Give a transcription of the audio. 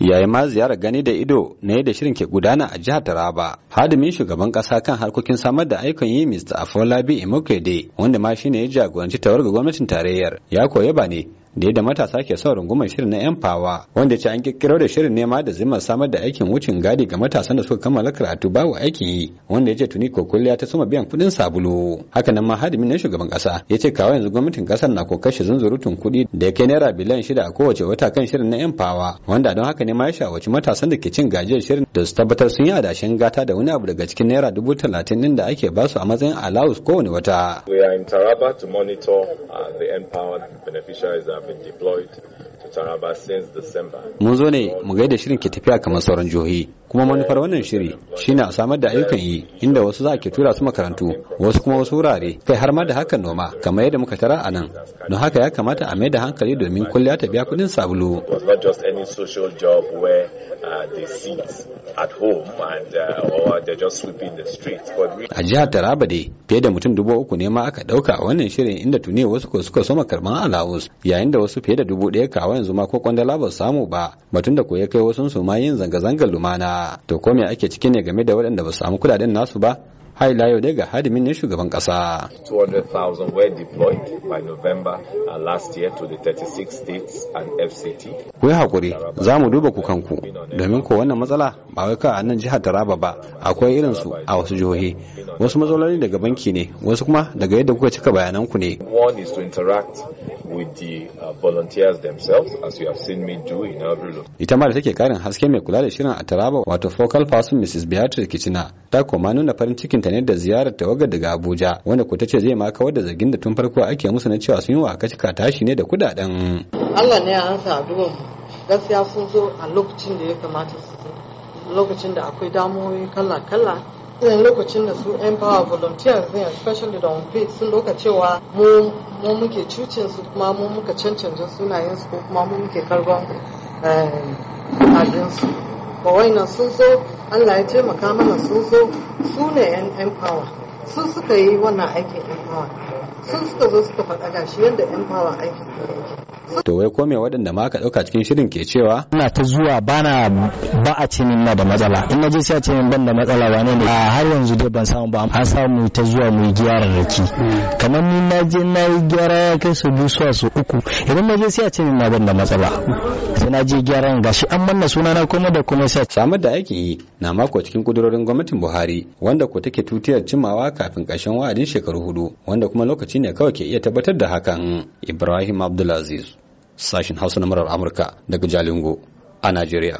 Yayi ma ziyarar gani da ido na yadda shirin ke gudana a jihar Taraba. Hadimin shugaban kasa kan harkokin samar da aikin yi Mr. Afolabi Imokede wanda ma shine ya jagoranci ga gwamnatin tarayyar ya koya ba ne da yadda matasa ke son rungumar shirin na yan fawa wanda ce an kirkiro da shirin nema da zimmar samar da aikin wucin gadi ga matasan da suka kammala karatu babu aiki wanda ya ce tuni kulliya ta suma biyan kuɗin sabulu haka nan ma hadimi na shugaban kasa ya ce kawo yanzu gwamnatin kasar na kokashe zunzurutun kuɗi da ya kai naira biliyan shida a kowace wata kan shirin na yan fawa wanda don haka ne ma ya shawarci matasan da ke cin gajiyar shirin da su tabbatar sun yi adashin gata da wani abu daga cikin naira dubu talatin din da ake basu a matsayin allowance kowane wata. We are in Taraba to monitor uh, the empowered beneficiaries Mun zo ne mu gaida shirin ke tafiya kamar sauran jihohi kuma manufar wannan shiri shine a samar da ayyukan yi inda wasu za ke tura su makarantu wasu kuma wasu wurare kai har ma da hakan noma kamar yadda muka tara a nan don haka ya kamata a mai da hankali domin kulliya ta biya kudin sabulu uh, uh, a jihar taraba dai fiye da mutum dubu uku ne ma aka dauka a wannan shirin inda tuni wasu ko suka so soma karban alawus yayin da wasu fiye da dubu ɗaya kawo yanzu ma ko kwandala ba samu ba batun da ko ya kai wasu su ma yin zanga-zangar lumana to ko me ake ciki ne game da waɗanda ba su samu kudaden nasu ba har ila yau daga hadimin ne shugaban kasa. 200,000 were deployed by November uh, last year to the 36 states and FCT. Ku yi hakuri, za mu duba ku kanku domin ko wannan matsala ba wai ka a nan jihar Taraba ba, akwai irin su a wasu jihohi. Wasu matsaloli daga banki ne, wasu kuma daga yadda kuka cika bayananku ne. One is to interact with the uh, volunteers themselves as you have seen me do in every look. Ita ma da take karin haske mai kula da shirin a Taraba wato focal person Mrs. Beatrice Kicina ta koma nuna farin cikin ta ne da ziyarar tawagar daga Abuja wanda ko tace zai ma kawar da zargin da tun farko ake musu na cewa sun yi wa kacika tashi ne da kudaden. Allah ne ya ansa addu'ar gaskiya sun zo a lokacin da ya kamata su zo lokacin da akwai damuwoyi kala-kala irin lokacin da su empower volunteers ne especially da unpaid sun loka cewa mu muke cucin su kuma mu muka cancanta sunayen su ko kuma mu muke karban eh, ajinsu su ba wainan sun zo Allah ya taimaka mana sun zo su ne yan empower sun suka yi wannan aikin empower sun suka zo suka faɗa gashi yadda empower aikin yake to wai ko me waɗanda ma aka ɗauka cikin shirin ke cewa ina ta zuwa bana ba a ce min na da matsala in na je sai a ce min ban da matsala ba ne har yanzu dai ban samu ba an samu ta zuwa mu yi raki. kamar ni na je na yi gyara ya kai su biyu su uku idan na je sai a ce min na ban da matsala sai na je gyaran gashi an manna suna na kuma da kuma sai samar da aiki yi na mako cikin kudurorin gwamnatin Buhari wanda ko take tutiyar cimawa kafin ƙarshen wa'adin shekaru hudu wanda kuma lokaci ne kawai ke iya tabbatar da hakan Ibrahim Abdulaziz Sashen hausa na murar amurka daga jalingo a najeriya